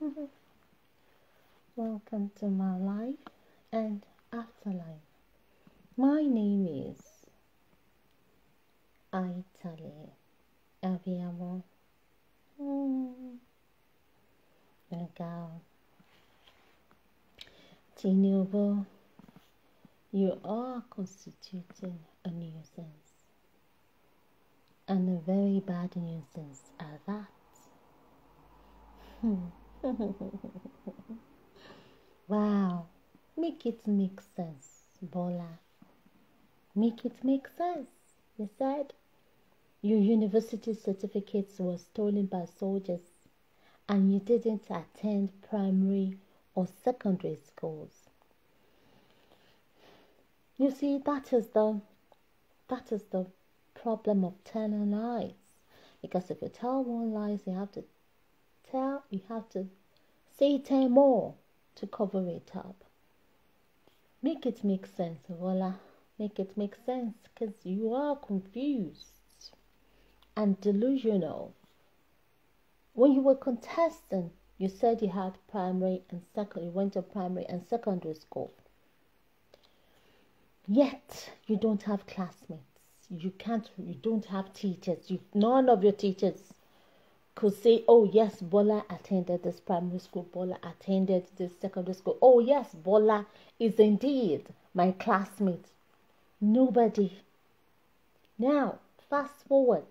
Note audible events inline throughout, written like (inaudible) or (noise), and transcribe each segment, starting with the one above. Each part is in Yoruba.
(laughs) Welcome to my life and afterlife. My name is Aitale Abiyamo. Mm. Tinubu, you are constituting a nuisance. And a very bad nuisance at that. Hmm. (laughs) wow. Make it make sense, Bola. Make it make sense. You said your university certificates were stolen by soldiers and you didn't attend primary or secondary schools. You see, that is the that is the problem of telling lies. Because if you tell one lie, you have to tell you have to say 10 more to cover it up make it make sense voila make it make sense because you are confused and delusional when you were contestant you said you had primary and secondary you went to primary and secondary school yet you don't have classmates you can't you don't have teachers you none of your teachers could say, oh, yes, Bola attended this primary school, Bola attended this secondary school. Oh, yes, Bola is indeed my classmate. Nobody. Now, fast forward.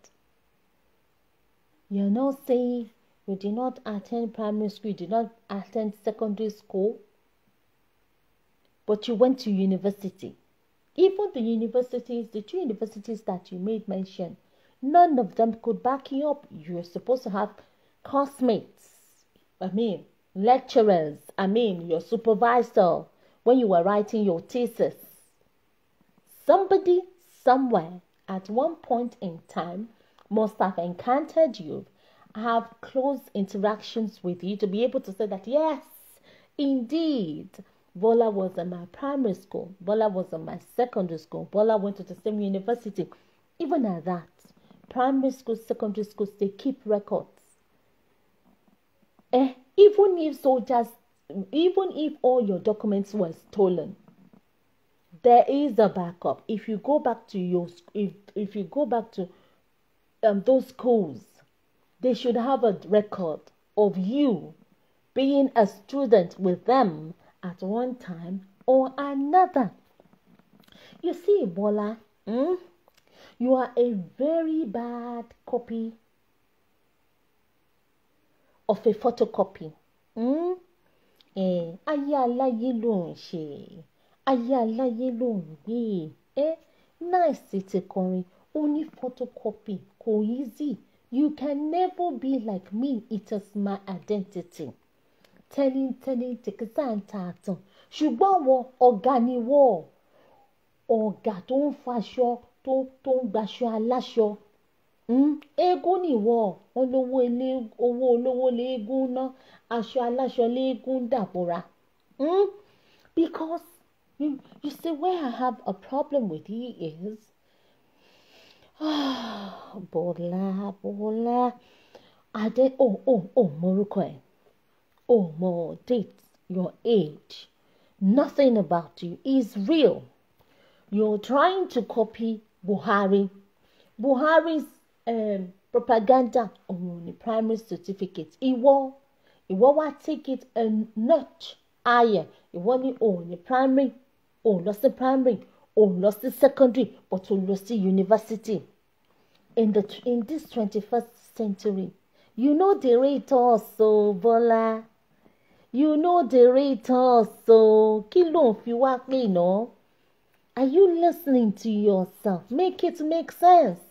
You're not saying you did not attend primary school, you did not attend secondary school, but you went to university. Even the universities, the two universities that you made mention, None of them could back you up. You're supposed to have classmates. I mean, lecturers. I mean, your supervisor when you were writing your thesis. Somebody somewhere at one point in time must have encountered you, have close interactions with you to be able to say that, yes, indeed, Bola was in my primary school, Bola was in my secondary school, Bola went to the same university. Even at that, primary schools, secondary schools, they keep records. Eh, even if soldiers, even if all your documents were stolen, there is a backup. If you go back to your, if, if you go back to um, those schools, they should have a record of you being a student with them at one time or another. You see, Bola, hmm? You are a very bad copy of a photocopy. Mm? Eh, ayé aláyé ló ń ṣe ayé aláyé ló ń gbé ẹ eh, nice ti kọrin ó ní photocopy kò easy you can never be like me it is my identity tẹ́lítẹ́lí tìkítà ń ta àtàn ṣùgbọ́n wọ ọ̀gá ni wọ́ ọ̀gá tó ń faṣọ tó tó ń gbaṣọ aláṣọ hmm? eégún nìwọ olówó ilé owó olówó léégún ná aṣọ aláṣọ léégún dàbòrà hmm? because you, you see where I have a problem with you is (sighs) Bọ́lá Bọ́lá Adé ò ò ò mọ̀rúkọ ẹ̀ ò mọ̀ date your age nothing about you is real you're trying to copy Buhari Buhari's um, propaganda òun ni primary certificate ìwọ ìwọ wá take it a notch higher ìwọ ní òun ni primary òun lọ sí primary òun lọ sí secondary but òun lọ sí university in the in this twenty-first century you know the rate so, Bọ́lá you know the rate also kí ló ń fi wá pè náà. No? Are you listening to yourself? Make it make sense.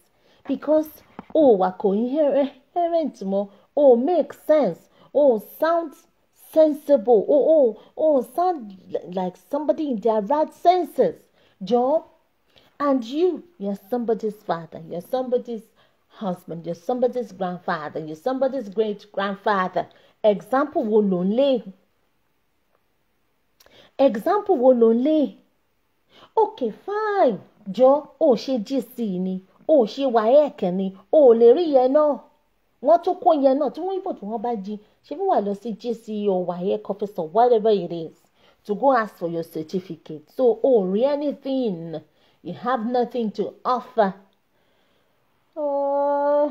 Because, oh, we're coherent more. Oh, make sense. Oh, sounds sensible. Oh, oh, oh, sound like somebody in their right senses. Job, and you, you're somebody's father. You're somebody's husband. You're somebody's grandfather. You're somebody's great grandfather. Example will lonely. Example will lonely. okay fine jọ ò ṣe gc ni ò ṣe waec ni ò lè rí yẹn náà wọ́n tún kó yẹn náà tí wọ́n yìnbọn tí wọ́n bá jí ṣe bí wà lọ sí gc or waec officer whatever it is to go ask for your certificate so oh, rí anything you have nothing to offer. Uh,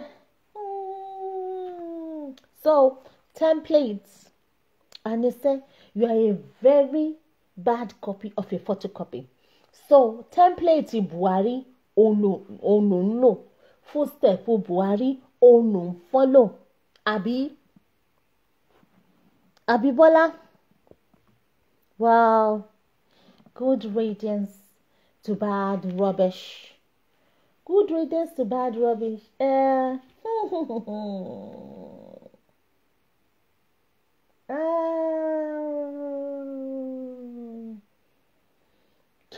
hmm. so templates and they say you are a very bad copy of a photocopy so template buhari òun ló ń lò footstep buhari òun ló ń fọ́lò àbí àbí bọ́lá wow good riddance to bad rubbish good riddance to bad rubbish. Uh, uh, (laughs)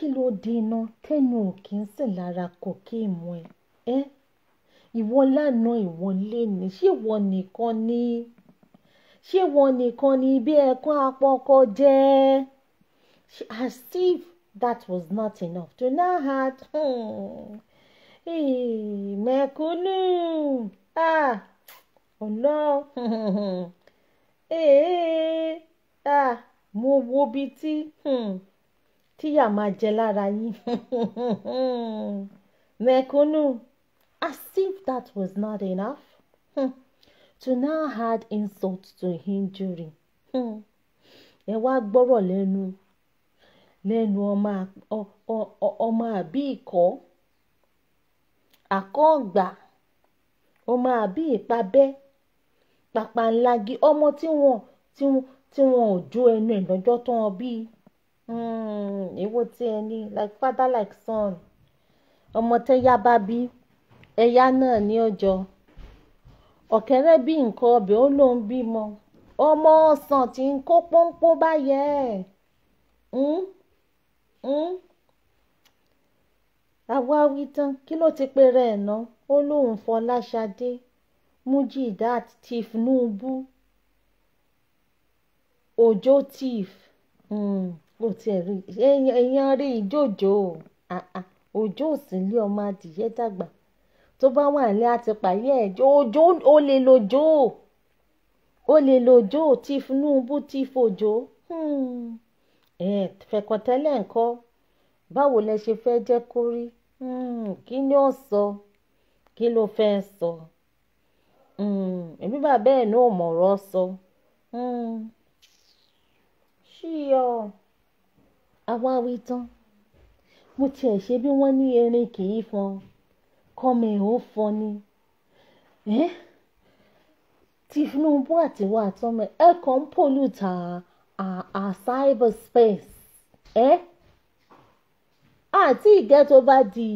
kí ló dènà tẹnu ò ń sìn lára cocaine ẹ ẹ ìwọ lánàá ìwọ lẹ́nu ṣé ìwọ nìkan ni ṣé ìwọ nìkan ni bí ẹ̀kan apọkọ jẹ́ as if that was not enough to now had hmm, mẹ̀kúnnù ọ̀nà hmm, (laughs) mo wo bíi tí. Hmm tíyà máa jẹ lára yín (laughs) mẹ̀kúnnù as if that was not enough hmm. (laughs) to now add insult to injury (laughs) ẹ wá gbọ́rọ̀ lẹ́nu lẹ́nu ọmọ àbí ikọ́ àkọ́ọ̀gbà ọmọ àbí ìpabẹ́ pàpàǹlagi ọmọ tí wọn tí wọn ò jó ẹnu ẹ̀ lọ́jọ́ tán ọ bíi èwo tí ẹ ní like father like son ọmọ tẹ́yá bá bí ẹ̀yá náà ní ọjọ́ ọ̀kẹ́rẹ́ bí nǹkan ọbẹ̀ ó lóun bímọ ọmọ ọ̀sán tí ń kó pọ́npọ́n báyẹ̀ àwa hmm, hmm. wí tán kí ló ti pe rẹ̀ ná ó lóun Fọláṣadé Mujidat Tinubu Ojo Tif. Mm mo tiẹ̀ rí èèyàn rí ìjòjò òjò òsínlé ọmọ adìyẹ dàgbà tó bá wà ní àtìpáyé ẹ̀ òjò ó lè lòjò ó lè lòjò tí Tinubu ti fòjò hmm. fẹ̀kọ̀tẹ́lẹ̀ ńkọ́ báwo lẹ ṣe fẹ́ jẹ́ kó rí hmm, kí ni ó sọ kí ló fẹ́ sọ hmm, èmi bàbá ẹ̀ náà mọ̀rọ̀ sọ ṣíyọ. So. Mm àwa wí tán mo tiẹ̀ ṣe bí wọ́n ní erin kì í fọn kọ́mi ò fọn ni Tinubu àtiwọ́ àtọ́mọ ẹ kàn ń pòlùtà à cyberspace ẹ àti ìgẹ́ tó bá di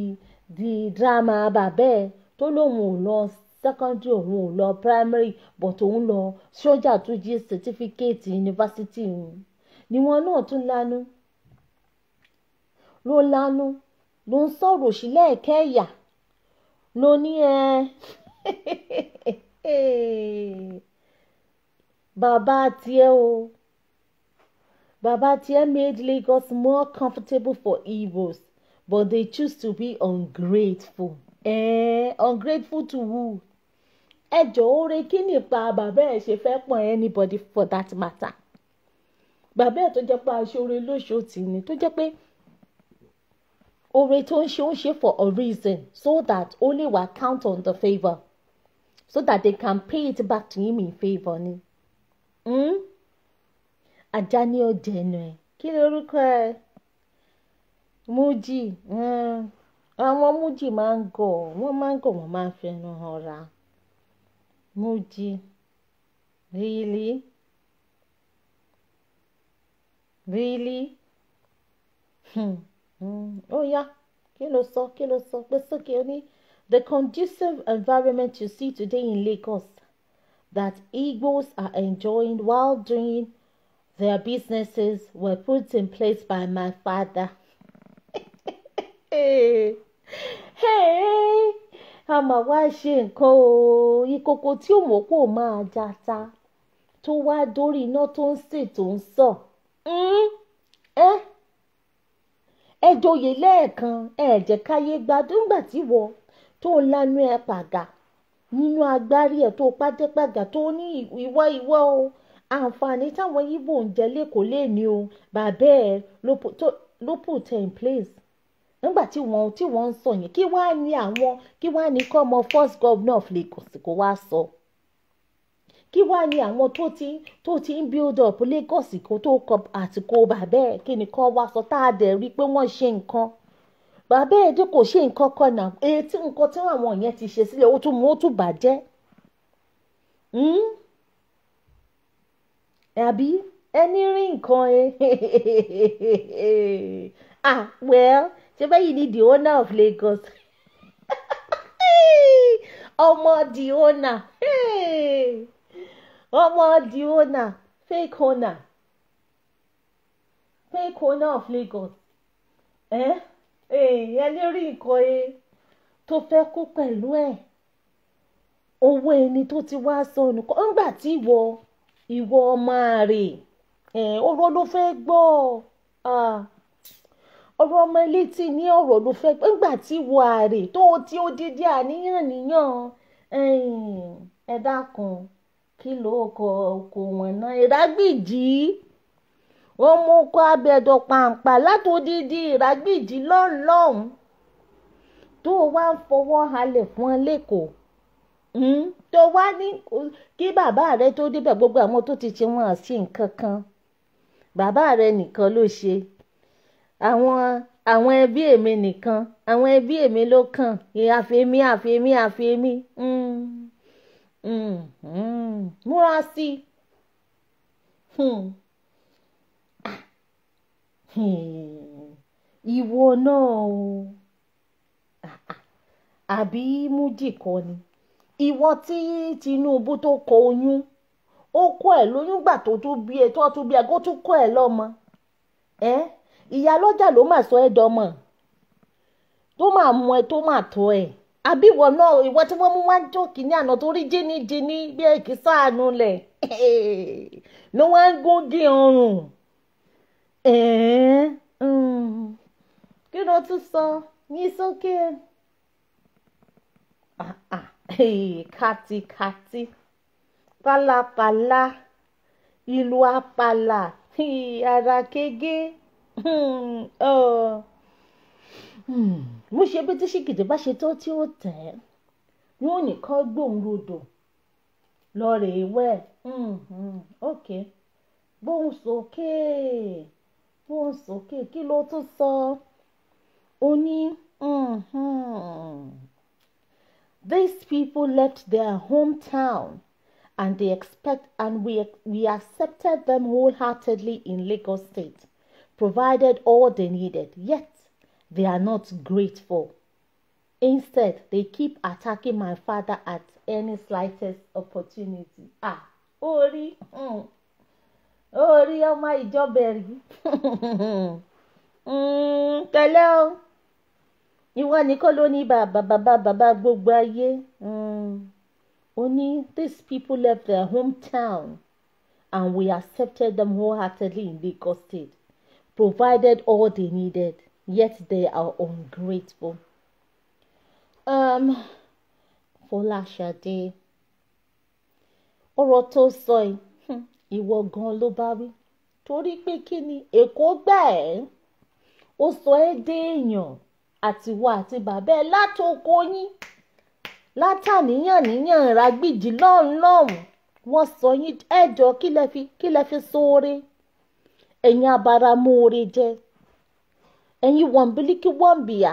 di drama bàbẹ́ tó lóun ò lọ secondary òun ò lọ primary but òun lọ sójà tó jí certificate university. ni wọn náà tún lanu ló lanu ló ń sọ̀rọ̀ sí lẹ́ẹ̀kẹ́ ẹ̀yà ló ní ẹ (laughs) bàbá tiẹ̀ o bàbá tiẹ̀ made Lagos more comfortable for Igbos but they choose to be ungrateful eh, ungrateful to who ẹ jọ̀ọ́ re kí ni ipa bàbá ẹ̀ ṣe fẹ́ pọ̀n anybody for that matter bàbá ẹ̀ tó jẹ́ pé aṣọ orin lóṣooṣì ni tó jẹ́ pé oore tó ń ṣe for a reason so that only will count on the favor, so that they can pay it back to him in favour ni. ajá ni ó dẹnu ẹ kí ni orúkọ ẹ mújì hmm. àwọn mújì máa ń gọ̀ wọ́n máa ń gọ̀ wọ́n máa ń fẹnu hàn ra mújì really really. Hmm. Mm. Oh yeah, kí ló sọ kí ló sọ pé sókè ó ní the conducive environment you see today in Lagos that Igbos are enjoying while doing their businesses were put in place by my father. (laughs) hey, hey, a máa wá ṣe nǹkan o ìkòkò tí òmòpò máa jata tó wá dórí iná tó ń sè tó ń sọ ẹ mm. eh? ẹ joyè lẹ́ẹ̀kan ẹ jẹ́ káyé gbádùn gbà tí wọ tó lanu ẹ pàgà nínú agbárí ẹ tó pàdépàgà tó ní ìwọ ìwọ o àǹfààní táwọn Ìgbò ń jẹ lẹ́kọ̀ọ́ lè ní o bàbá ẹ ló put in place nígbà tí wọ́n tí wọ́n ń sọ yẹn kí wàá ní àwọn kí wàá ní kọ́ ọmọ first governor of Lagos kó wá sọ. So kí wàá ní àwọn tó ti tó ti ń build up Lagos kó tó kọ àtìkò bàbá ẹ̀ kí nìkan wá sọ tá a dẹ̀ rí i pé wọ́n ṣe nǹkan bàbá ẹ̀ dé kò ṣe nǹkan kan náà èyí tí nǹkan tí àwọn yẹn ti ṣe sílẹ̀ ó tún mú ó tún bàjẹ́ hmm? àbí ẹni rí nǹkan ẹ (laughs) ah well ṣe bẹ́yìí ni the owner of Lagos (laughs) ọmọ the owner. Hey omo the owner fake owner fake owner of Lagos èèyàn eh? eh, lè rí nǹkan ẹ eh, tó fẹ́ kó pẹ̀lú ẹ̀ owó ẹni tó ti wá sọnù kọ́ ńgbà tí ìwọ ìwọ ọmọ rè ọ̀rọ̀ ló fẹ́ gbọ́ ah, ọ̀rọ̀ ọmọ létí ní ọ̀rọ̀ ló fẹ́ gbọ́ ńgbà tí ìwọ àrè tó ti odidi àníyàn níyàn ẹ dákun kí ló kọ oko wọn náà ìrágbìjì ó mú kó abẹ́dọ̀ pàǹpà látòdìdí ìrágbìjì lọ́nlọ́hún tó wá ń fọwọ́ halẹ̀ fún ẹ lẹ́kọ̀ọ́ hmm? tó wá ní kí bàbá rẹ tó débẹ̀ gbogbo àwọn tó ti ṣe wọn àṣì nǹkan kan bàbá rẹ nìkan ló ṣe àwọn àwọn ẹbí èmi nìkan àwọn ẹbí èmi ló kàn àfẹ́mí àfẹ́mí àfẹ́mí. Mm. Mm-hmm. Hmm, sí hmm. i ìwọ náà o àbí mújì kọ́ ni ìwọ tí Tinubu tó kọ oyún ó kọ ẹ lóyún gbà tó tún bí ẹ tó tún bí ẹ kó tún kọ ẹ lọ́mọ ẹ ìyálọ́jà ló mà sọ ẹ dọmọ tó máa mú ẹ tó máa tọ́ ẹ. E àbí ìwọ náà ìwọ tí wọ́n mú wá jọ kìíní àná tó rí jíníjíní bí èkì sáànù lẹ̀ (laughs) ló wá ń gógé ọrùn mm. kí ló tún sọ ní sókè ah, ah. kátikati pálapàla ìlú apàlà ara kége. Hmm, oh. mo hmm. ṣe bí tíṣíkìtì bá ṣe tán tí ó tẹ̀ ẹ́ yóò nìkan gbóhùn rodò lọ rèé wẹ̀ hmm, hmm. ok gbóhùn sókè gbóhùn sókè kí ló tún sọ ó ní these people left their hometown and they expect and we, we accepted them wholeheartedly in Lagos State provided all they needed yet they are not grateful. Instead, they keep attacking my father at any slightest opportunity. Ah, orí hmm, orí ọmọ ìjọbẹ̀rì tẹ̀lé (laughs) hmm, o ìwọ ni kọ́ ba, ba, ba, ba, ba, gbogbo ayé hmm, ó ní these people left their hometown and we accepted them wholeheartedly in Lagos State provided all they needed yet they are ungrateful. Um, Fọláṣadé ọ̀rọ̀ tó sọ yìí hmm, ìwọ gan ló bá wí torí pé kí ni èkó gbà ẹ́ ó sọ ẹ́ déèyàn àtiwọ́ àti bàbá ẹ̀ látòkó yín látàníyàn níyàn ìràgbìjì lọ́hùn lọ́hùn wọ́n sọ yín ẹ̀jọ̀ kí lẹ fi kí lẹ fi sóore ẹ̀yin abáramóore jẹ́ ẹ̀yin wọ̀nbílíkì wọ̀nbìyà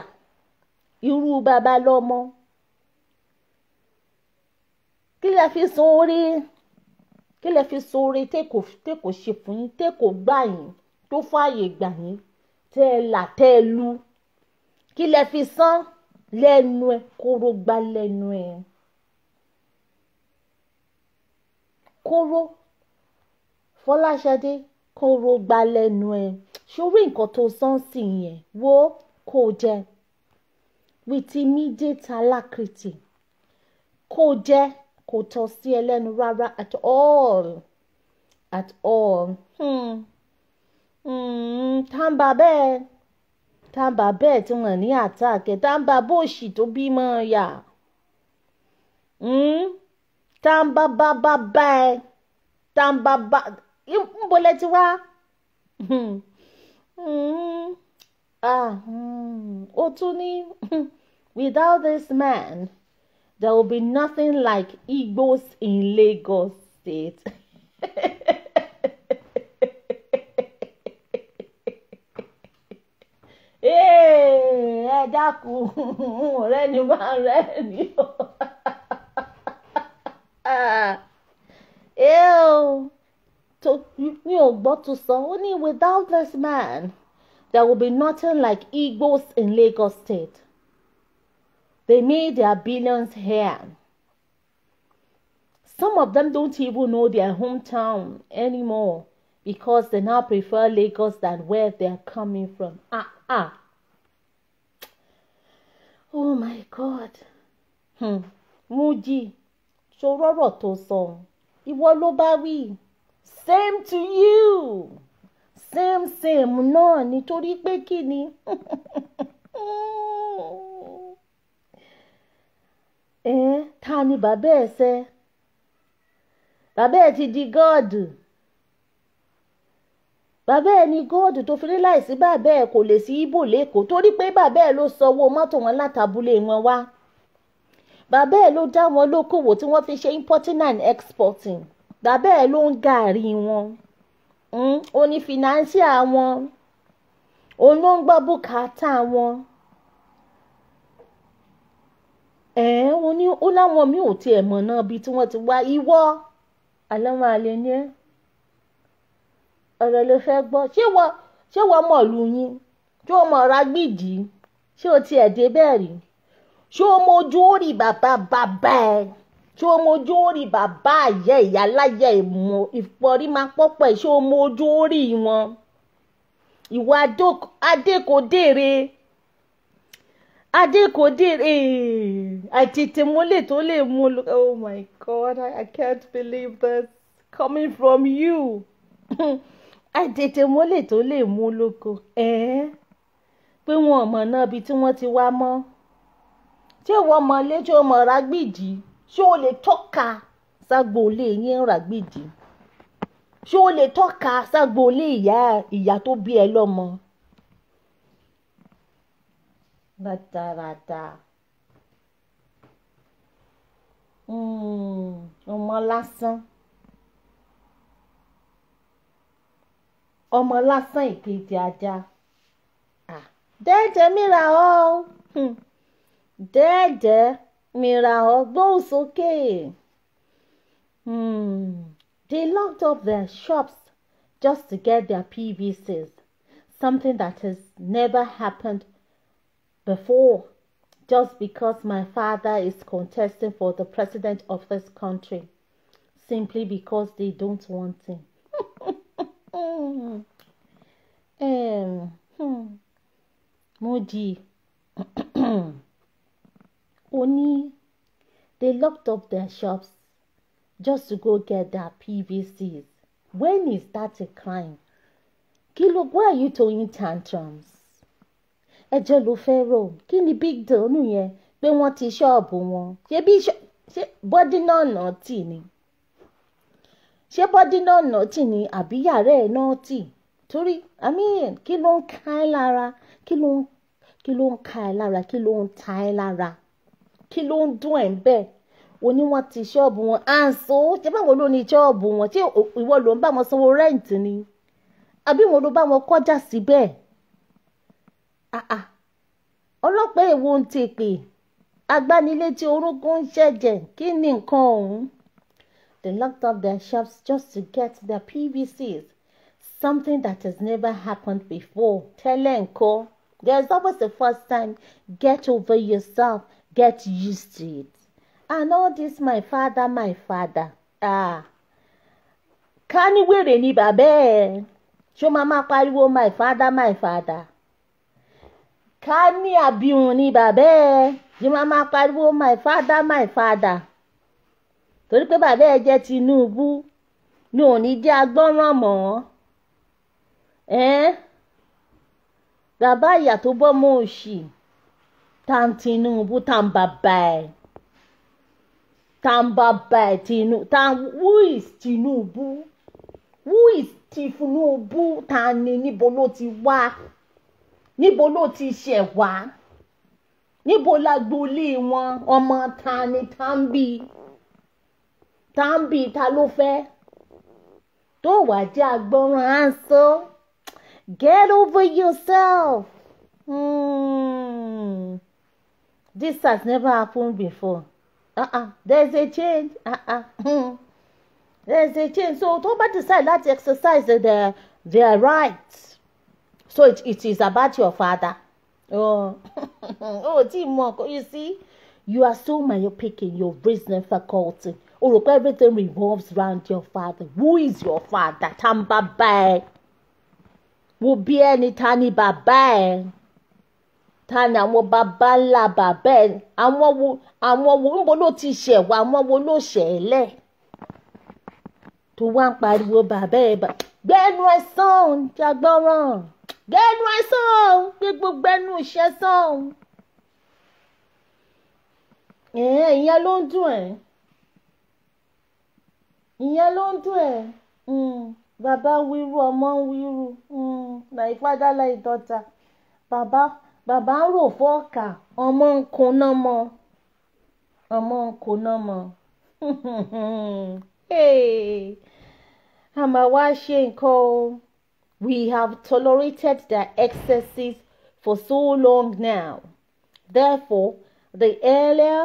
irú bàbá lọ́mọ kí lẹ fi sun orí kí lẹ fi sun orí tẹ́kọ̀ tẹ́kọ̀ ṣe fún yín tẹ́kọ̀ gbà yín tó fààyè gbà yín tẹ́ ẹ là tẹ́ ẹ lu kí lẹ fi san lẹ́nu ẹ kóró gbá lẹ́nu ẹ kóró Fọláṣadé kóró gbá lẹ́nu ẹ sórí nǹkan tó sánsì yẹn wo kó jẹ with immediate alacrity kó jẹ kò tọ́ sí ẹ lẹ́nu rárá at all at all hmm. Hmm. tàǹbà bẹ́ẹ̀ tàǹbà bẹ́ẹ̀ tí wọ́n ní àtàkẹ́ tàǹbà bóòṣì tó bímọ yà hmm. tàǹbà bàbà bẹ́ẹ̀ tàǹbà bá ń bolẹ́ tiwa. Mm, ah, mm, Otuni, (laughs) without this man, there will be nothing like Igbos in Lagos State. (laughs) ẹ dákun ọ̀rẹ́ ni máa rẹ́ ni o. (laughs) Ah, eh to know, but to sọ only without this man there will be nothing like egos in Lagos State they made their billions here some of them don't even know their hometown anymore because they now prefer Lagos than where they are coming from ah ah oh my God hmm. Muji ṣòro tó song. ìwọ same to you same same náà nítorí pé kí ni ẹ (laughs) eh, ta ni bàbá ẹ ṣe bàbá ẹ ti di god. bàbá ẹ ní góòdù tó fi láìsí bàbá ẹ kò lè sí ibo lẹ́kọ̀ọ́ torí pé bàbá ẹ ló sanwó mọ́tò wọn látàbúlé wọn wá bàbá ẹ ló dá wọn lókòwò tí wọ́n fi ṣe importing and exporting bàbá ẹ̀ ló ń gàárì wọn hmm? ó ní fìnánsíà wọn òun ló ń gbọ́ bùkátà wọn. ẹ̀ ó ní ó láwọn mi ò tiẹ̀ mọ̀ náà bíi tí wọ́n ti wá ìwọ àlọ́mọ àlè ni ẹ́ ọ̀rọ̀ ló fẹ́ gbọ́ ṣé wọ́n ṣé wọ́n mọ̀ lù yín ṣé wọ́n mọ̀ ra gbìdì ṣé o tiẹ̀ dé bẹ́ẹ̀ rí ṣé o mojú ó rí bàbá bàbá ẹ̀ ṣé o mojú orí bàbá àyẹ ìyá láyẹ ìmọ̀ ìfọ̀rí máa pọ́pọ̀ ṣé o mojú orí wọn ìwà adékòdére adékòdére àtètèmólè tó lè mú oh my god I, can't believe that coming from you àtètèmólè tó lè mú lóko ẹ̀ẹ́ pé wọn ò mọ̀ náà ibi tí wọ́n ti wá mọ́ tí ò wọ́n mọ̀ lé tí mọ̀ rágbìdì ṣé o lè tọ́ka ságboolé yín ràgbìdì ṣé o lè tọ́ka ságboolé ìyá ìyá tó bí ẹ lọ́mọ. bàtàràtà hmm, ọmọ lásán ọmọ lásán ìkejì ajá dẹ́ẹ̀jẹ̀ mìíràn ọ́ hmm, dẹ́ẹ̀jẹ̀. Mira those okay. Hmm. They locked up their shops just to get their PVCs, something that has never happened before, just because my father is contesting for the president of this country, simply because they don't want him. (laughs) um, hmm. Moody. (clears throat) Only, they locked up their shops just to go get their PVCs. When is that a crime? Kilo, why are you throwing tantrums? Ẹjọ́ ló fẹ́ rò. Kí ni big deal nìyẹn pé wọ́n ti ṣọ́ọ̀bù wọn? Ṣé bí ṣe bọ́dí náà náà ni? Ṣé bọ́dí náà náà ni àbí yàrá ẹ̀ náà tì? Torí àmì kí ló ń ká ẹ lára? Kí ló ń ká ẹ lára? Kí ló ń ta ẹ lára? kí ló ń dún ẹ̀ ń bẹ́ẹ̀ oní wọn ti ṣọ́ọ̀bù wọn àǹsó ṣe báwo ló ní ṣọ́ọ̀bù wọn ṣé ìwọ ló ń bá wọn sanwó rẹ́ǹtì ni àbí wọn ló bá wọn kọjá síbẹ̀ ọlọ́pàá èwo ń tèpè agbánilétí orúnkún ń ṣẹ̀jẹ̀ kí ni nǹkan ọ̀hún. They locked up their shops just to get their PVCs, something that has never happened before. Tẹ́lẹ̀ ńkọ́, is always a first time. Get over yourself get used to it and all this my father my father ah ká ní wèrè ni bàbá ẹ mama máa máa pariwo my father my father ká ní àbíhùn ni bàbá ẹ mama máa máa pariwo my father my father torí pé bàbá ẹ jẹ́ Tinubu ni ò ní jẹ́ agbọ́ràn mọ́ ẹ́n bàbá ìyà tó bọ́ mọ́ òṣì tá Tinubu tá ń bàbá ẹ tá ń ẹ Tinubu tá who is Tinubu who is Tinubu Tan ni níbo ló ti wá níbo ló ti ṣẹ̀ wá níbo la gbolé wọn ọmọ ta ni Tambi Tambi ta ló fẹ́ tó wàá jẹ́ agbọ́nrán á get over yourself. Mm. This has never happened before. Uh-uh. There's a change. Uh-uh. Hmm. There's a change. So tó bá decide láti exercise their their rights. So it, it is about your father. Oh, (laughs) oh, Timon, you see, you are so myopic in your reasoning faculty. O rò pé everything revolves around your father. Who is your father? Tamba bye. will be any ta ni bàbá ta ni àwọn bàbá ńlá bàbá ẹ àwọn wo àwọn wo ń bo ló ti ṣẹ̀ wá àwọn wo ló ṣẹ̀ ẹ́ lẹ̀ tó wá ń pariwo bàbá ẹ bá gbẹ́nu ẹ sàn jagbọ́ràn gbẹ́nu ẹ sàn gbogbo gbẹ́nu iṣẹ́ sàn ìyẹn ló ń dùn ẹ́ ìyẹn ló ń dùn ẹ́ hmm, bàbá wíru ọmọ ń wíru hmm, my father like daughter bàbá bàbá ń rò fọ́ọ̀kà ọmọ ń kuná mọ́ ọmọ ń kuná mọ́ (laughs) a máa wá ṣe nǹkan o we have tolerated their excesses for so long now therefore the earlier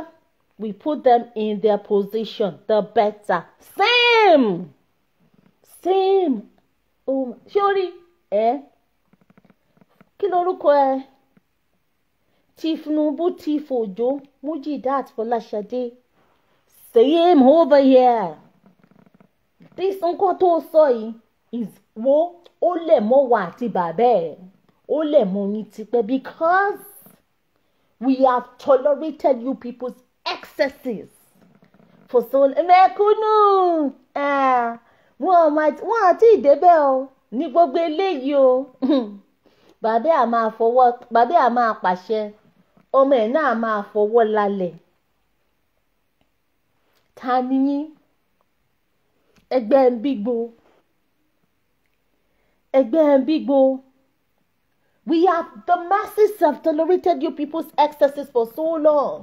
we put them in their position the better same same oh, ṣé o rí ẹ kí lorúkọ ẹ. Tinubu thief Ojo Mujidat Folashade same over here this nǹkan tó sọ is wo ole mo mọ wa àti bàbá ẹ̀ because we have tolerated you people's excesses for so long mẹ̀kúnnù wọn wọn àti ìdébẹ̀ o ní gbogbo eléyìí yo. Babe ama for what? Babe ama máa ọmọ ẹ̀ náà máa fọwọ́ lálẹ̀ ta ni yín ẹgbẹ́ ń bígbó ẹgbẹ́ ń bígbó we have the masses have tolerated you people's excesses for so long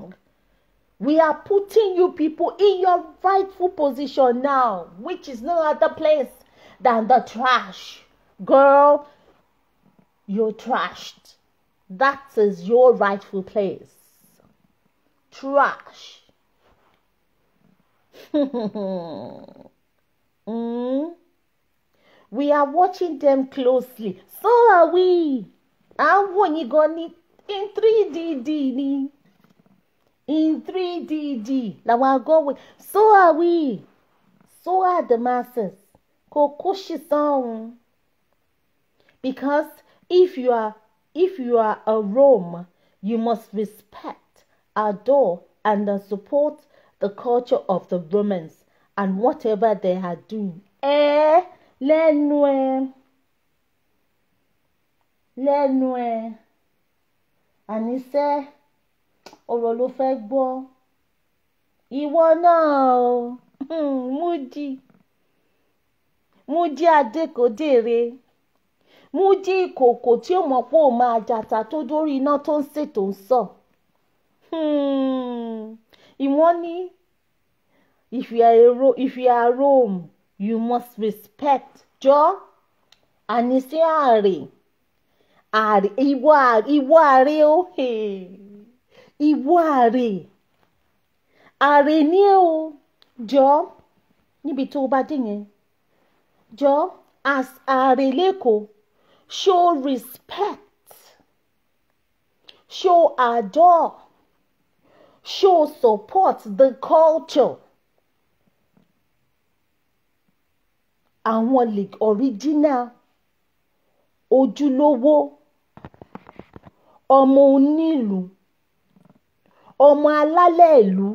we are putting you people in your rightful position now which is no other place than the trash girl you're trashed that is your rightful place. Trash. (laughs) mm. We are watching them closely. So are we. Àwọn yìí to go in 3DD In 3DD làwọn go wẹ̀. So are we. So are the masses. Because if you are If you are a Rome, you must respect, adore, and support the culture of the Romans and whatever they are doing. Eh, lẹ́nu ẹ lẹ́nu ẹ àníṣẹ́ ọ̀rọ̀ ló fẹ́ gbọ́ ìwọ na o Mújì (laughs) Mújì Adékòdèrè mú jí ìkòkò tí ó mọ̀ pé ó máa jàtà tó dórí iná tó ń sè ń sọ. Hmm. ìwọ́n ní if you are a if you are Rome you must respect jọ àníṣe ààrẹ ààrẹ ìwọ ààrẹ ìwọ ààrẹ ó ìwọ ààrẹ ààrẹ ní o jọ níbi tó o bá dé yẹn jọ as ààrẹ lẹ́kọ̀ọ́ show respect show adore show support the culture àwọn lè original ojúlówó ọmọ onílùú ọmọ alálẹ̀ ìlú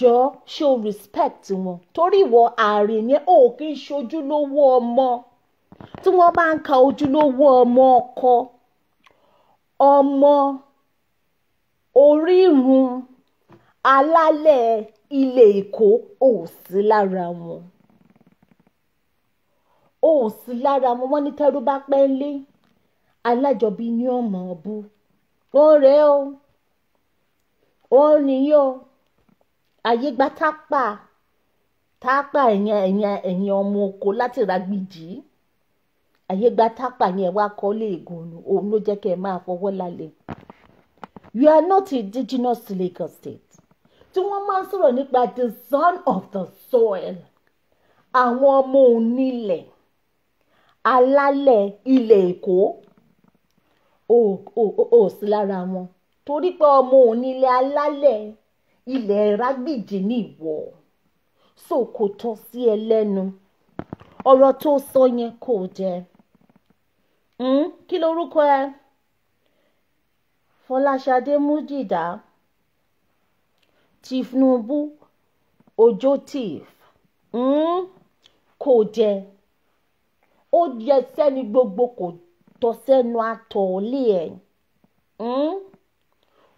jọ show respect wọn torí ìwọ ààrẹ yẹn ò kí ń ṣojúlówó ọmọ tí wọ́n bá ń ka ojúlówó ọmọ ọkọ ọmọ orírun alálẹ̀ ilé èkó ò sí lára wọn ò sí lára wọn wọ́n ní tẹ́rú bá pẹ́ lé alájọbí ní ọmọ ọbú ó rẹ o ó nìyí o gba tápà tápà ẹ̀yìn ẹ̀yìn ẹ̀yìn ọmọ oko láti ra gbìjì àyégbá tápà yẹn wá kọ́ léegun òun ló jẹ́ kẹ́ ẹ máa fọwọ́ lálẹ́ you are not indigenous to Lagos State tí wọ́n máa ń sọ̀rọ̀ nípa the son of the soil àwọn ọmọ onílẹ̀ alálẹ̀ ilẹ̀ èkó ò sí lára wọn torí pé ọmọ onílẹ̀ alálẹ̀ ilẹ̀ rágbìjì ní ìwọ̀ so kò tọ́ sí ẹ lẹ́nu ọ̀rọ̀ tó sọ yẹn kò jẹ́ um kí lorúkọ ẹ fọlásadé mújìdá tìǹbù ọjọ́ tiff um hmm? kò jẹ ó yẹ sẹ́ni gbogbo kò tọ́ sẹ́nu àtọ̀ọ́lé ẹ̀ um hmm?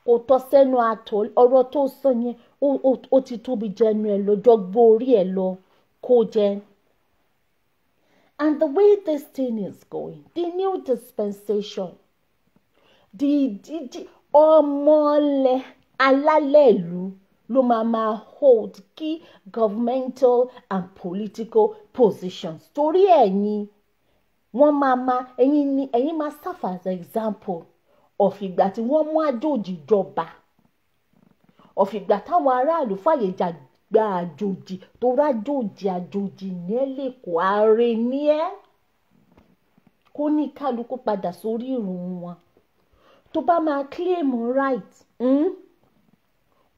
kò tọ́ sẹ́nu àtọ̀ọ́lé ọ̀rọ̀ tó sọ yẹn ó ti tóbi jẹnu ẹ̀ lọ́jọ́ gbórí ẹ̀ lọ kò jẹ. And the way this thing is going, the new dispensation, the, the, the ọmọlẹ alálẹ̀ hold key governmental and political positions Story any, wọ́n máa any ẹ̀yin suffer ẹ̀yin máa example of ìgbà tí One mú àjòjì job of That táwọn aráàlú fàyè jà gba àjòjì tó rájòjì àjòjì yẹn lè kó ààrẹ ní ẹ́ kó ní kálukú padà sórí ìrun wọn tó bá máa claim right mm?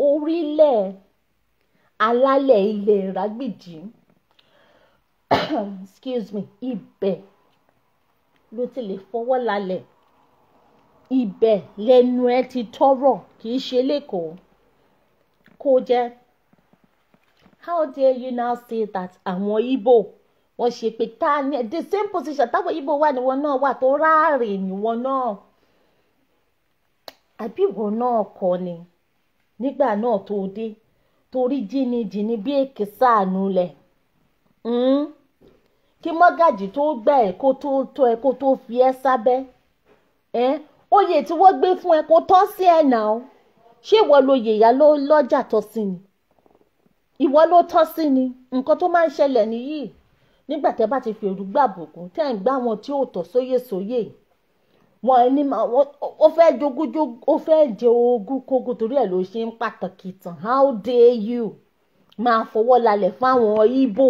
orílẹ̀ alálẹ̀ ilẹ̀ ìrágbìjì (coughs) excuse me ibẹ̀ ló ti lè fọwọ́ lálẹ̀ ibẹ̀ lẹ́nu ẹ ti tọrọ kì í ṣe lẹ́kọ̀ọ́ kó jẹ́ how dare you now say that àwọn Igbo ṣe pé ta ni the same position táwọn Igbo wà níwọ náà wà tó ráàrè níwọ náà àbí ìwọ náà kọ ni nígbà náà tó dé torí jìnnìjìnnì bí èké sáànù lẹ̀ hmm? kí mọ́gàjì tó gbà ẹ́ kó tó tọ́ ẹ kó tó fi ẹ́ sábẹ́ ẹ́ oyè tí wọ́n gbé fún ẹ kó tọ́ sí ẹ̀ náà ṣé ìwọ lóye ìyá lọ́jà tọ́ sí ni ìwọ ló tọ́ sí ni nǹkan tó máa ń ṣẹlẹ̀ nìyí nígbà tẹ́ bá ti fi òru gbà bùkún tẹ́ ń gbá wọn tí ò tọ́ sóyè sóyè wọn ẹni máa ó fẹ́ jogúnjogún ó fẹ́ jẹ ogún kógún torí ẹ̀ ló ṣe ń pàtàkì tán how dare you máa fọwọ́ lálẹ̀ fáwọn Ìgbò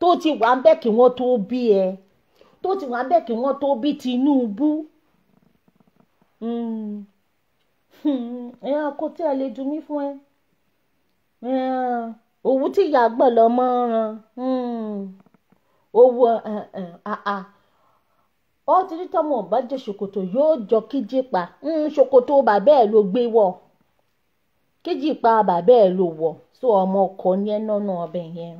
tó ti wà bẹ́ẹ̀ kí wọ́n tó bí ẹ tó ti wà bẹ́ẹ̀ kí wọ́n tó bí Tinubu hmm. hmm. ẹ̀yà kò tí a lè dùn mí fún ẹ òwú tí ìyá gbọ̀lọ́ mọ́ ran owó hmm. eh, eh, ah, ah. ó ti rí tọ́mọ ọ̀bá jẹ ṣòkòtò yóò jọ kíjì pa hmm, ṣòkòtò bàbá ẹ̀ ló gbé wọ̀ kíjì pa bàbá ẹ̀ ló wọ̀ so ọmọ ọkọ yẹn nọ́nà ọbẹ̀ yẹn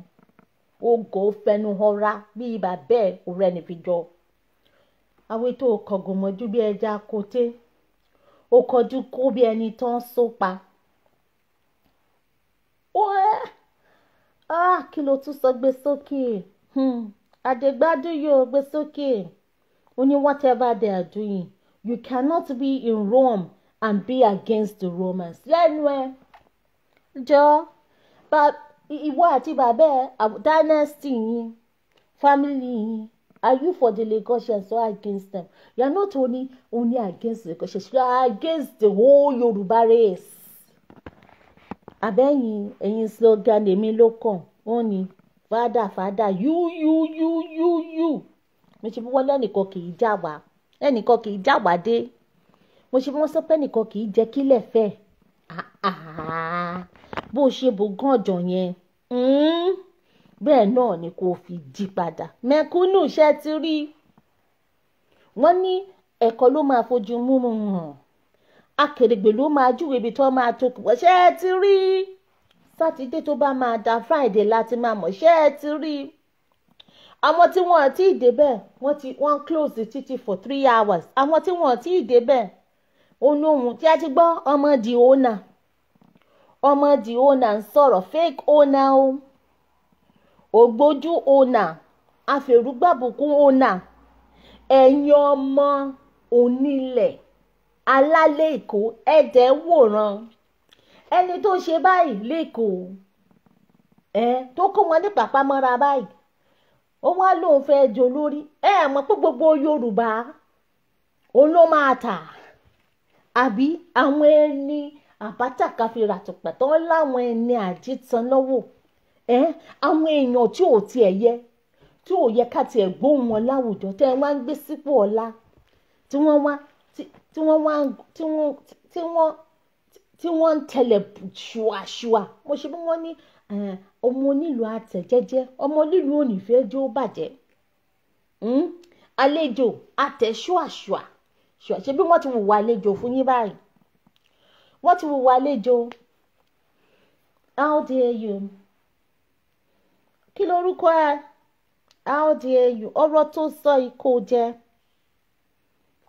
ogo fẹnu họra bíi bàbá ẹ̀ òrẹ́ ní fi jọ awétò kọ̀gùnmọ́jú bí ẹja kòtẹ́ ó kọjú kó bí ẹni tán sópa. So kí ló tún sọ gbé sókè hmm, àdègbàdùn yóò gbé sókè ó ní whatever they are doing you cannot be in Rome and be against the Romans lẹ́nu ẹ̀ jọ ìwọ àti bàbá ẹ̀ dynasty yín family yín are you for the Lagosians or against them you are not only only against the Lagosians you are against the whole Yoruba race abẹ́yìn ẹ̀yin slogan èmi ló kàn wọ́n ní fada fada you you you you you mo ṣe bí wọ́n lẹ́nìkan kì í já wa ẹnìkan kì í já wa dé mo ṣe bí wọ́n sọ pé ẹnìkan kì í jẹ́ kílẹ̀ fẹ́ bó ṣe bò gán ọ̀jọ̀ yẹn bẹ́ẹ̀ náà ni kò fi jí padà mẹ̀kúnnù ṣe ti rí wọ́n ní ẹ̀kọ́ ló máa fojú mú mu hàn akèrègbè ló máa júwèé ibi tó máa tó kù ṣe ti rí sátidé tó bá máa da friday láti máa mọ̀ ṣé ẹ ti rí i àwọn tí wọn ti débẹ̀ wọ́n ti wọ́n close títí for three hours àwọn tí wọn ti débẹ̀ òun òun tí a ti gbọ́ ọmọ di owner ọmọ di owner ń sọ̀rọ̀ fake owner o ògbójú owner àfẹrúgbàbùkún owner ẹ̀yin ọmọ onílẹ̀ alálẹ̀ èkó ẹ̀dẹ̀ wòran ẹni tó ṣe báyìí lẹ́kọ̀ọ́ ẹ tó kó wọn ní pàpamọ́ra báyìí ó wá lóun fẹ́ jọ lórí ẹ mọ̀ pé gbogbo Yorùbá òun ló máa tà àbí àwọn ẹni àbátàkà fi ràtùpẹ̀ tán láwọn ẹni àjítan lọ́wọ́ ẹ àwọn èèyàn tí ò tiẹ̀ yẹ tí ò yẹ ká tiẹ̀ gbóhùn wọn láwùjọ tẹ́ ẹ wá ń gbé sípò ọ̀la tí wọ́n wá tí wọ́n wá tí wọ́n tí wọ́n tí wọ́n ń tẹlẹ̀ ṣùwàṣùwà mo ṣe bí wọ́n ní ọmọ onílù àtẹ̀jẹ́jẹ́ ọmọ onílù onífẹ́ jó bàjẹ́ hmm? àlejò àtẹ̀ ṣùwàṣùwà ṣe bí wọ́n ti wùwà àlejò fún yín báyìí wọ́n ti wùwà àlejò how dare you kí lorúkọ ẹ how dare you ọ̀rọ̀ tó sọ yìí kò jẹ́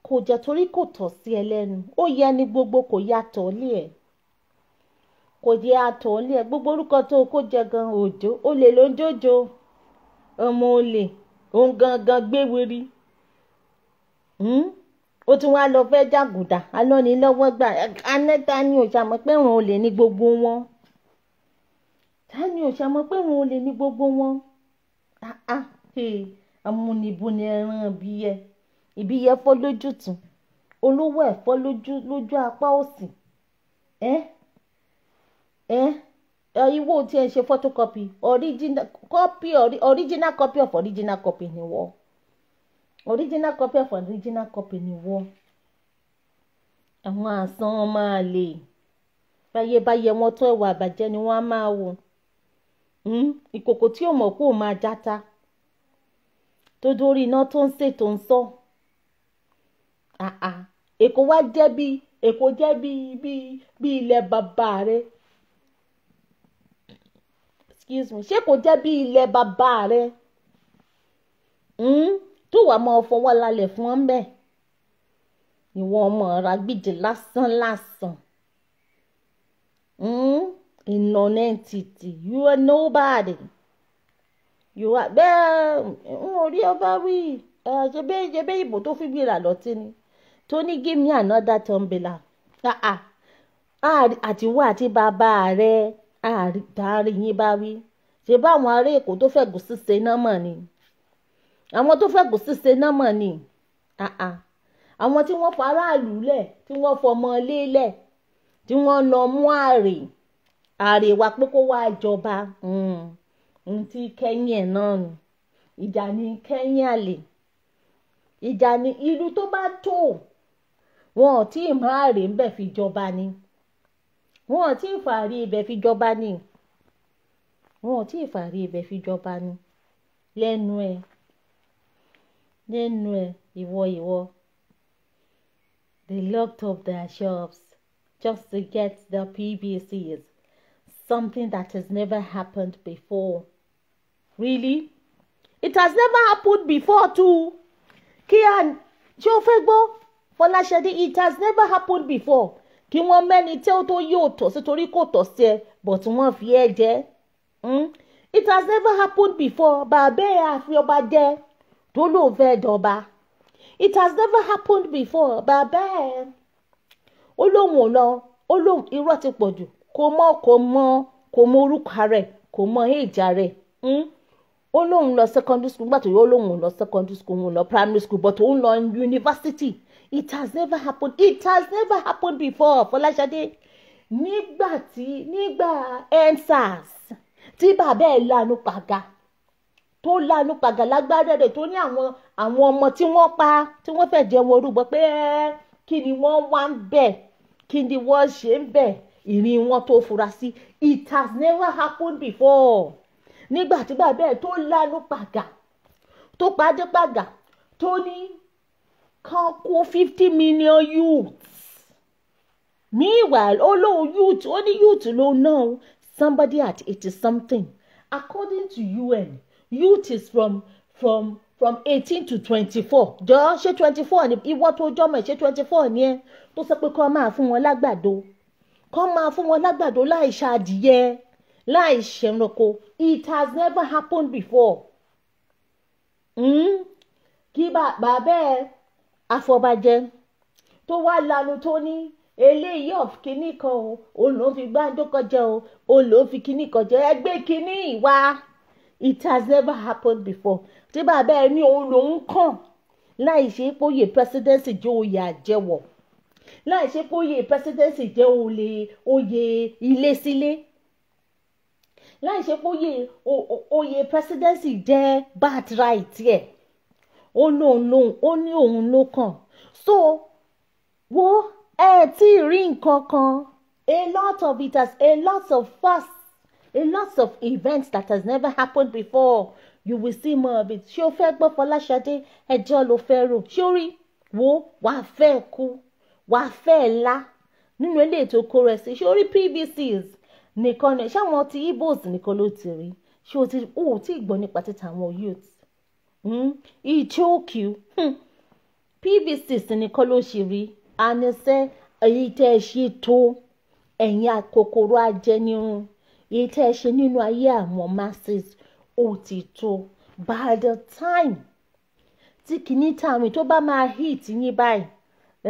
kò jẹ́ torí kò tọ́ sí ẹ lẹ́nu ó yẹ ni gbogbo kò yàtọ̀ lé ẹ̀ kò yẹ àtọ̀ ńlẹ̀ gbogbo orúkọ tó kó jẹ gan òjò olè ló ń jòjò ọmọ olè òun gangan gbéwiri hmm? ó tún wá lọ fẹ́ jàgùdà alọ́nilọ́wọ́ gbà anẹ́ta ni ò ṣàmọ́ pé òun olè ní gbogbo wọn tani ò ṣàmọ́ pé òun olè ní gbogbo wọn ah, ah, amúnibùnì ẹran ìbíyẹ ìbíyẹ fọ́ lójú tún olówó ẹ̀ fọ́ lójú apá òsì Eh? Eh? Eh, ìwọ tí ẹ ń ṣe photocopy original copy original copy of original copy ni wọ original copy of original copy ni wọ àwọn àsan máa lè báyébáyé wọn tó ẹwà àbàjẹ́ ni wọ́n á máa wò hmm? ìkòkò tí ò mọ̀ kó o máa játa tó dórí iná tó ń sè tó ń sọ èkó wá jẹ́ bí èkó jẹ́ bí bí bí ilẹ̀ bàbá rẹ̀ excuse me ṣé kò jẹ́ bí ilẹ̀ bàbá rẹ̀ hmm? tó wàá máa fọwọ́ lálẹ̀ fún ọ mẹ́ ìwọ ọmọ ra gbìdì lásán lásán ìnọ̀nẹ́ntìtì hmm? you are nobody you are bẹ́ẹ̀ n ò rí ọba wí ṣebí ṣebí ìbò tó fi gbéra lọ́tí ni tó ní give me another tumbler ah, ah. àtiwọ́ àti bàbá rẹ̀ àárí yín bá wí ṣe báwọn ará èkó tó fẹ̀gùn ṣíṣe náà mọ̀ ni àwọn tó fẹ̀gùn ṣíṣe náà mọ̀ ni àwọn tí wọ́n fa aráàlú lẹ̀ tí wọ́n fọmọ ilé lẹ̀ tí wọ́n lọ mú àrè àrè wa pé kó wá jọba hmm. n ti kẹ́yìn ẹ̀ náà nù ìjà ni kẹ́yìn àlè ìjà ni ìlú tó bá tó wọn ò tí ì má àrè ń bẹ̀ fi jọba ni wọn ò tí ì fàárí ibẹ̀ fi jọba ni wọn ò tí ì fàárí ibẹ̀ fi jọba ni lẹ́nu ẹ̀ lẹ́nu ẹ̀ ìwọ ìwọ they locked up their shops just to get the PBCs. something that has never happened before really it has never happened before too Kian, à ṣé o fẹ́ gbọ́ Fọláṣadé it has never happened before kí wọ́n mẹ́ni tí ó tó yóò tọ̀ sí torí kò tọ̀ sí ẹ but wọ́n fi ẹ jẹ hmm? it has never happened before bàbá ẹ̀ àfi ọba jẹ tó lóun fẹ́ dọba it has never happened before bàbá ẹ̀ ó lóun ò lọ ó lóun irọ́ ti pọ̀ jù kò mọ̀ kò mọ̀ kò mọ̀ orúkọ rẹ̀ kò mọ̀ èjà rẹ̀ hmm? ó lóun lọ secondary school gbàtò yóò lóun lọ secondary school òun lọ primary school but òun lọ university it has never happened it has never happened before Fọláṣadé nígbà tí nígbà endsars tí bàbá ẹ̀ lanu pàgà tó lanu pàgà lágbára rẹ̀ tó ní àwọn àwọn ọmọ tí wọ́n pa tí wọ́n fẹ́ẹ́ jẹ wọn rúbọ pé kí ni wọ́n wá ń bẹ̀ kí ni wọ́n ṣe ń bẹ̀ ìrìn wọn tó fura sí it has never happened before nígbà tí bàbá ẹ̀ tó lanu pàgà tó padé pàgà tó ní kan kó fifty million youths meanwhile ó lóun youth only youth ló ná somebody at eighty something according to UN youth is from from from eighteen to twenty-four jọ ṣé twenty-four ni ìwọ tó jọmọ ṣé twenty-four ni ẹ tó sọ pé kọ́ máa fún wọn lágbàdo kọ́ máa fún wọn lágbàdo láì ṣàdìyẹ láì ṣẹranko it has never happened before. Mm? kí bàbá bẹ́ẹ̀ afọbajẹ tó wá lanu tó ní eléyìí ọ̀f kínní kan o òun fi gbàǹdókọjẹ o òun fi kínní kan jẹ ẹgbẹ́ kínní ìwà it has never happened before tí bàbá ẹ ní òun lòún kàn láì ṣe pé oyè presidency jẹ́ oyè àjẹwọ̀ láì ṣe pé oyè presidency jẹ́ olè oyè ilé sílé láì ṣe pé oyè presidency jẹ́ birthright yẹn. Yeah ó lóun lóun ó ní òun ló kàn so wo ẹ tí ì rí nǹkan kan a lot of it has a lot of fast a lot of events that has never happened before you will see more of it ṣé o fẹ́ gbọ́ Fọláṣadé ẹjọ́ ló fẹ́ rò ṣé o rí wo wàá fẹ́ kú wàá fẹ́ la nínú eléyìí tó kó rẹ sí ṣé o rí PVCs nìkan ni ṣáwọn ti ibos nìkan ló ti rí ṣé o ti gbọ́ nípa títa àwọn youths mm, he choke you hmm. pvc ni kọ́ ló ṣe rí anisẹ́ èyí tẹ́ ẹ ṣe tó ẹ̀yìn kòkòrò ajẹnirun èyí tẹ́ ẹ ṣe nínú ayé àwọn masses ó ti tó by the time tí kìíní tààmì tó bá máa hit yín báyìí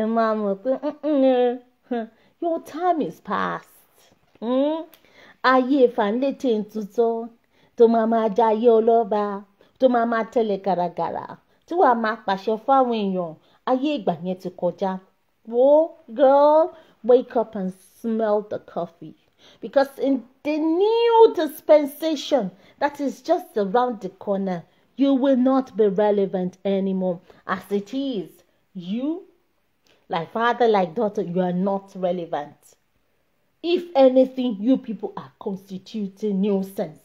ẹ máa mọ̀ pé eh, your time is past hmm? ayé ìfàǹlẹ̀tẹ̀ tuntun tó máa máa jayé ọlọ́ba. tó máa máa tẹ̀lé gàràgàrà tí wàá máa pàṣẹ fáwọn èèyàn ayé ìgbà yẹn ti kọjá wo girl wake up and smell the coffee because in the new dispensation that is just around the corner you will not be relevant anymore as it is you like father like daughter you are not relevant if anything you people are constituting nuisance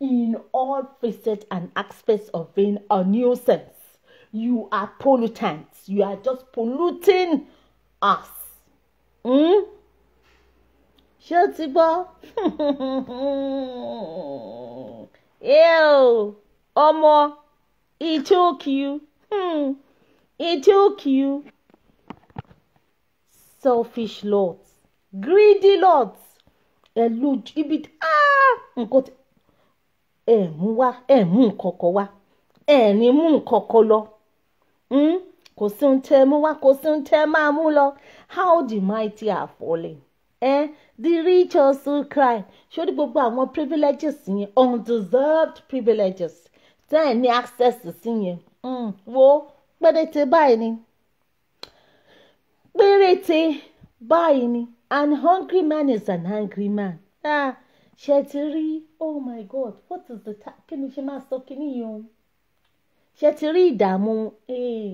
in all facets and aspects of being a nuisance. You are pollutants. You are just polluting us. Hmm? Shotibo. (laughs) Ew. Omo. It took you. Hmm. It took you. Selfish lords. Greedy lords. Elud. Ibid. Ah. Nǹkan ẹ mú wá ẹ mú nǹkan kan wá ẹ ní mú nǹkan kan lọ hmm? kò sí ohun tẹ́ mú wá kò sí ohun tẹ́ máa mú lọ how the mighty are falling eh? the rich also cry sórí gbogbo àwọn privileges yẹn undeserved privileges tẹ́ ẹ̀ ní access sí yẹn hmm, wo péréte báyìí ni péréte báyìí ni an hungry man is an angry man. Ah ṣe oh my god what is the time kí ni ṣe máa sọ kí nìyí o ṣe ti rí ìdààmú eh,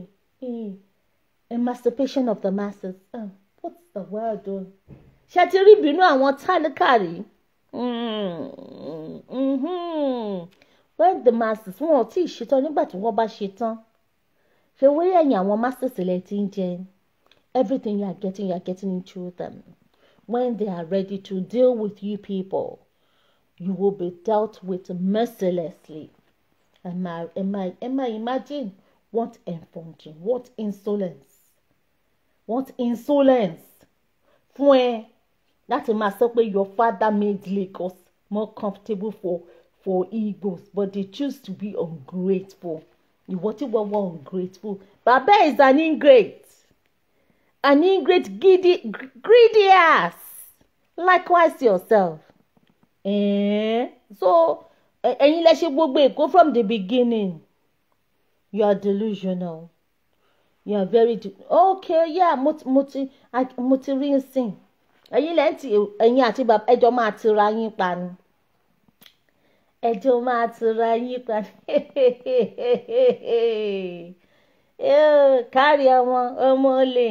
eh, emancipation of the masses um, what's the world, o ṣe ti rí ìbínú àwọn tálíkà mm-hmm, mm-hmm. when the masses wọn ò tí ì ṣetán nígbà tí wọ́n bá ṣetán ṣe wọ́n yẹ̀yìn àwọn masses lẹ́ ti ń jẹ everything you are getting you are getting into them when they are ready to deal with you people you will be dealt with mercilessly. Am I, am I, am I imagine what effrontery, what insolence, what insolence fún That láti máa sọ pé your father made Lagos more comfortable for for egos, but they choose to be ungrateful You tí wọ́n wọ́n ungrateful bàbá is an ingrate an ingrate greedy, greedy ass likewise yourself. Eh, so e, ẹ̀yin lẹ ṣe gbogbo èkó from the beginning you are delusional you are very okay yeah mo ti mo ti mo ti rí n ẹ̀yin lẹ ń ti ẹ̀yin àti bàbá ẹjọ́ máa tira yín pa ni ẹjọ́ máa tura yín padà (laughs) eh, kárí ọmọ ọmọ olè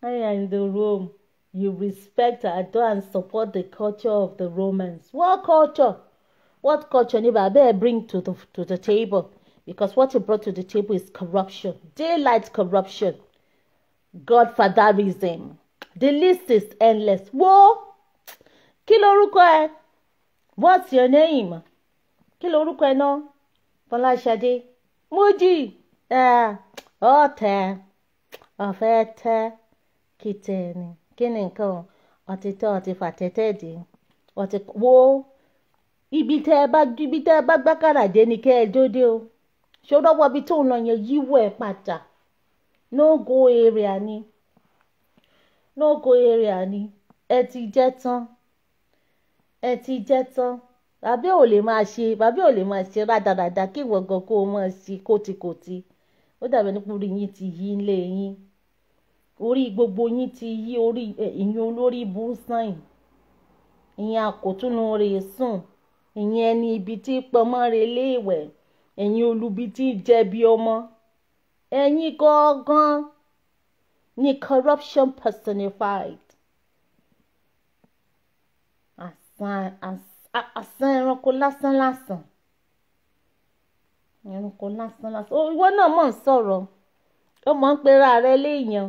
I am the room you respect, adore, and support the culture of the Romans. What culture? What culture Nibabe bring to the, to the table? Because what you brought to the table is corruption, daylight corruption, God for that reason, The list is endless. Whoa! Kí lorúkọ What's your name? Kí lorúkọ ẹ náà? Fọláṣadé. Mojí. Ọ̀tẹ̀. Ọ̀fẹ́ tẹ́. ni kí ni nǹkan ọtí tán ọtí fàtẹ́tẹ́ dé ọtí wo ibi tẹ́ ẹ bá ibi tẹ́ ẹ bá gbákàrà dé ni kẹ́ ẹ dóde o ṣòdọ́wọ́ ibi tó lọ yẹn yíwọ́ ẹ padà no go area ni no go area ni ẹ ti jẹ́ tán ẹ ti jẹ́ tán bàbá ò lè máa ṣe bàbá ò lè máa ṣe rádaràda kí ìwọ gan kó o máa ṣe kótikòti ó dàbí ẹni orí yín ti yí ń lé yín orí gbogbo yín ti yí orí ìyín olórí burúkú ìyẹn àkótúnú rè sùn ìyẹn ẹni ibi tí pọnmọ́ rè léèwẹ̀ ẹ̀yin olubi tí jẹ̀bi ọmọ ẹ̀yin gangan ni corruption personified àsán ẹranko lásán lásán ẹranko lásán lásán ìwọ náà mọ̀ ń sọ̀rọ̀ ó mọ̀ ń pera rẹ léèyàn.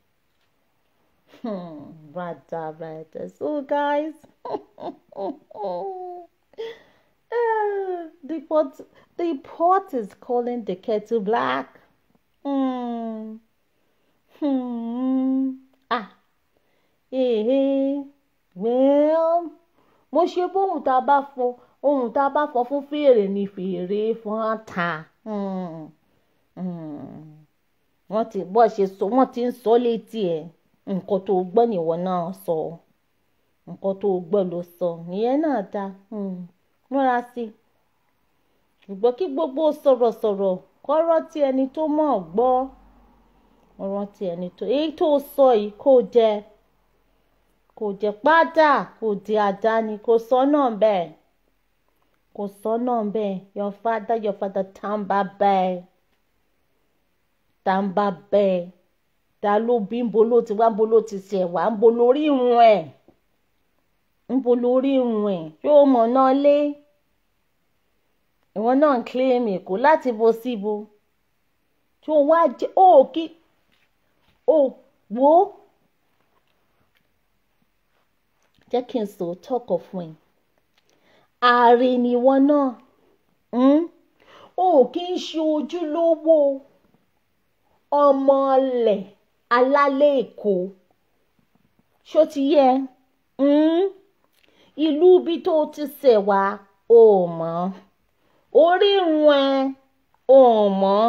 (laughs) Rada Rada. So guys, (laughs) eh, the pot the pot is calling the kettle black. Hmm. Hmm. Ah. Eh. eh. Well, mo ṣe bóhùn tá a bá fọ ohùn tá a bá fọ fún fèrè ni fèrè fún ta. Hmm. Hmm. Wọ́n ti bọ́ ṣe sọ wọ́n ti ń sọ létí ẹ̀. nǹkan tó gbọ́ nìwọ náà sọ nǹkan tó gbọ́ sọ ìyẹn náà da hmm. múra sí gbogbo sọ̀rọ̀sọ̀rọ̀ kọ́ ti ẹni tó mọ̀ gbọ́ ti ẹni tó èyí tó sọ yìí kò jẹ kò kò di àdáni kò kò bẹ́ẹ̀ your ta ló bí ń bo ti wá ń bo ti ṣẹ̀ wá ń bo lórí irun ẹ̀ ń bo lórí irun ẹ̀ yóò mọ̀ náà lé ìwọ náà ń claim èkó láti bo síbo tí ó wá jẹ́ ó kí ó wò ó jẹ́ kí n sọ tọkọ fún ẹ ààrẹ nìwọ náà hmm? ó kí ń ṣe ojúlówó ọmọ ọlẹ̀ alálẹ̀ èkó ṣó ti yẹ hmm? ìlú ibi tó ti ṣẹ̀ wá ò mọ̀ orírun ẹ ò mọ̀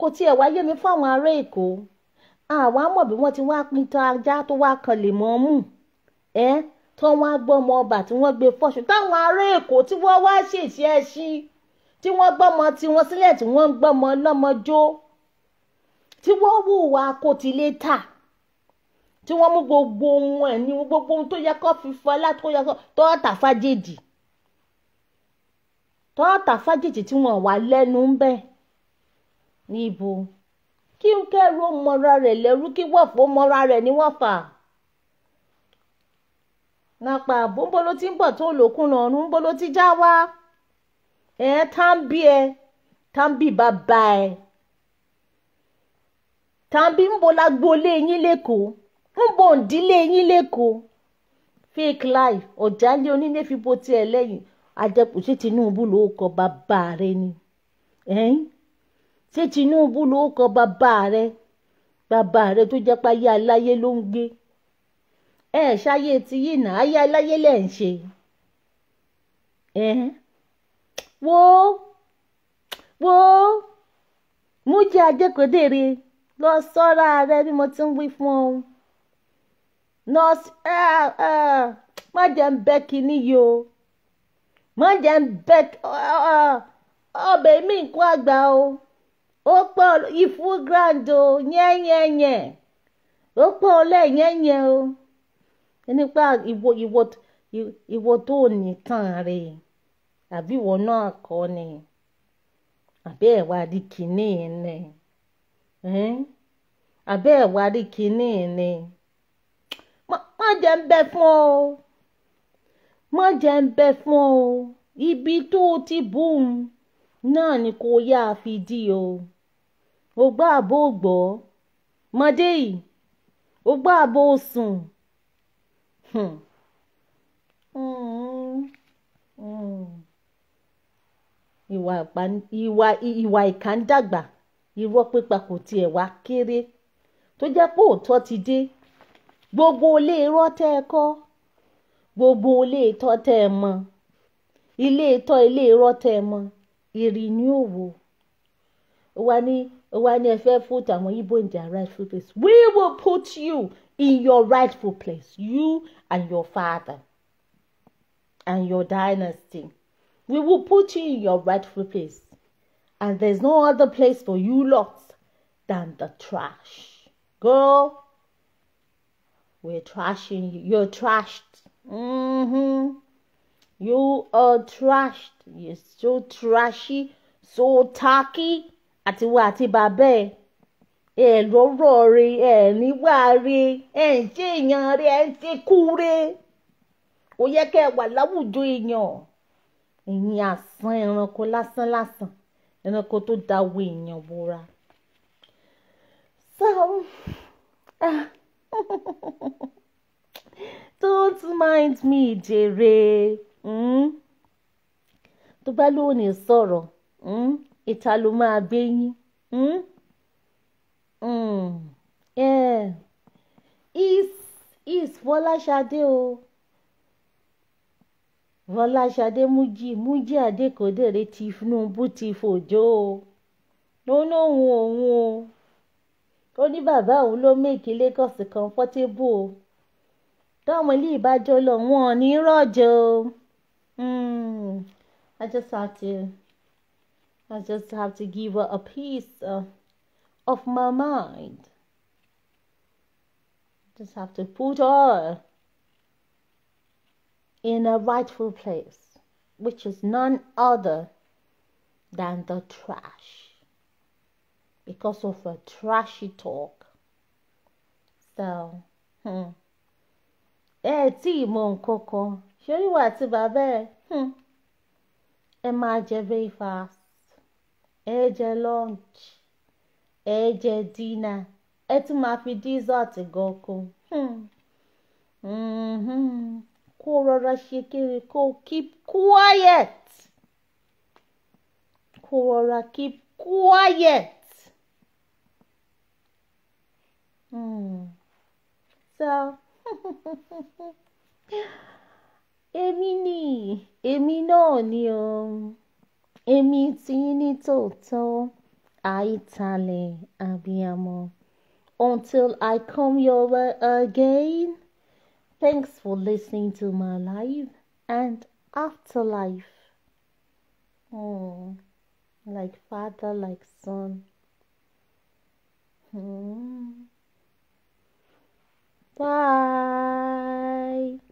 kò tiẹ̀ wáyé mi fáwọn ará èkó àwa mọ̀ bí wọ́n ti wá pin tan ajá tó wá kan lè mọ́ mú ẹ́ tán wá gbọ́mọ ọba tí wọ́n gbé fọ́ṣù táwọn ará èkó tí wọ́n wá ṣèṣe ẹṣin tí wọ́n gbọ́mọ tiwọn sílẹ̀ tí wọ́n ń gbọ́mọ lọ́mọjó. tí wọ́n wù hùwà akótilétà tí wọ́n mú gbogbo ohun ẹ̀ ní gbogbo ohun tó yẹ kọ́ fi fọlá tó yẹ kọ́ tọ́ọ̀tà fájèjì tọ́ọ̀tà fájèjì tí wọ́n wà lẹ́nu ń bẹ̀ níbo kí n kẹ́rù ó mọra rẹ̀ lẹ́rú kí wọ́ọ̀fù ó mọra rẹ̀ ní wọ́ọ̀fà nàpà bóńbó ló ti ń bọ̀ tó lòkun lọ́rùn bó ló ti já wá ẹ̀ tán bí ẹ tán bí bàbá ẹ̀. tàbí ńbo la gbolé yín lẹ́kọ̀ọ́ yín lẹ́kọ̀ọ́ fake life ọ̀jálẹ̀ onílé fi bo tiẹ̀ lẹ́yìn àjẹpọ̀ ṣé Tinubu ló kọ bàbá rẹ ni ṣé Tinubu ló rẹ bàbá rẹ tó jẹ́ ayé aláyé ló ń gbé ẹ ṣáyé ti yìí nà ayé aláyé lẹ̀ ń ṣe lọ sọ́ra rẹ bí mo ti ń wí fún ọ nọ́ọ̀sì má jẹ́ ń bẹ́ kínní yìí o má jẹ́ ń bẹ́ ọbẹ̀ àgbà o grand o yẹ́nyẹ́nyẹ́ ó pọ̀ o nípa tó rè àbí ni àbí ẹ̀wà di àbẹ́ ẹ̀wà rí kinní ni má jẹ́ ń bẹ fún ọ má jẹ́ ń bẹ fún ọ ibi tó o ti bùn náà ni kò yáa fi dí o o gbọ́ àbò gbọ́ mọdé yìí o gbọ́ àbò sùn. Hmm. Mm. Mm. ìwà ìkà ń dàgbà irọ́ pípa kò tiẹ̀ wá kéré tó jẹ́ pé òótọ́ ti dé gbogbo ilé irọ́ tẹ́ ẹ kọ́ gbogbo ilé ìtọ́ tẹ́ ẹ mọ ilé ìtọ́ ilé irọ́ tẹ́ ẹ mọ ìrì ni ó wò ó wá ní ó wá ní ẹ fẹ́ put àwọn Igbo in their rightful place we will put you in your rightful place you and your father and your dynasty we will put you in your rightful place And there's no other place for you lot than the trash. Girl, we're trashing you. You're trashed. Mm-hmm. You are trashed. You're so trashy, so tacky. Àti wati babe. bàbá ẹ̀. Ẹ lọ́rọ̀ rẹ̀, ẹ níwà rẹ̀, ẹ ń ṣe èèyàn rẹ̀, ẹ rẹ̀. yẹ kẹ́ ẹ wà ẹranko lásán lásán. ẹranko tó dáwọ́ èèyàn bora ah, (laughs) don't mind me jèrè hmm? tó bá lónìí sọ̀rọ̀ hmm? ìta ló máa gbé yín hmm? is is Fọláṣadé o fọláṣadé mújì mújì adékòdèrè tinubu ti fòjò ó lóun òun o ó ní bàbá òun ló mèkì lagos comfortable o táwọn ilé ìbájọ́ lọ wọn ní rọ̀jò hmm. I just have to I just have to give her a piece of uh, of my mind. Just have to put her in a rightful place, which is none other than the trash, because of a trashy talk. So, hmm. ẹ tí ì mọ nǹkan kan ṣoríwà àti bàbá ẹ hmm. ẹ máa jẹ breakfast ẹ jẹ lunch ẹ jẹ dinner ẹ tún máa fi dessert gan kún. Hmm. Mm-hmm kó rọra ṣe kiri kó keep quiet kó rọra keep quiet. Hmm. So (laughs) èmi ni èmi náà ni o èmi tí yín ní tòótọ́ àìtalẹ̀ àbíyamọ until I come your way again. Thanks for listening to my life and afterlife. Hmm, like father, like son. Hmm. Bye.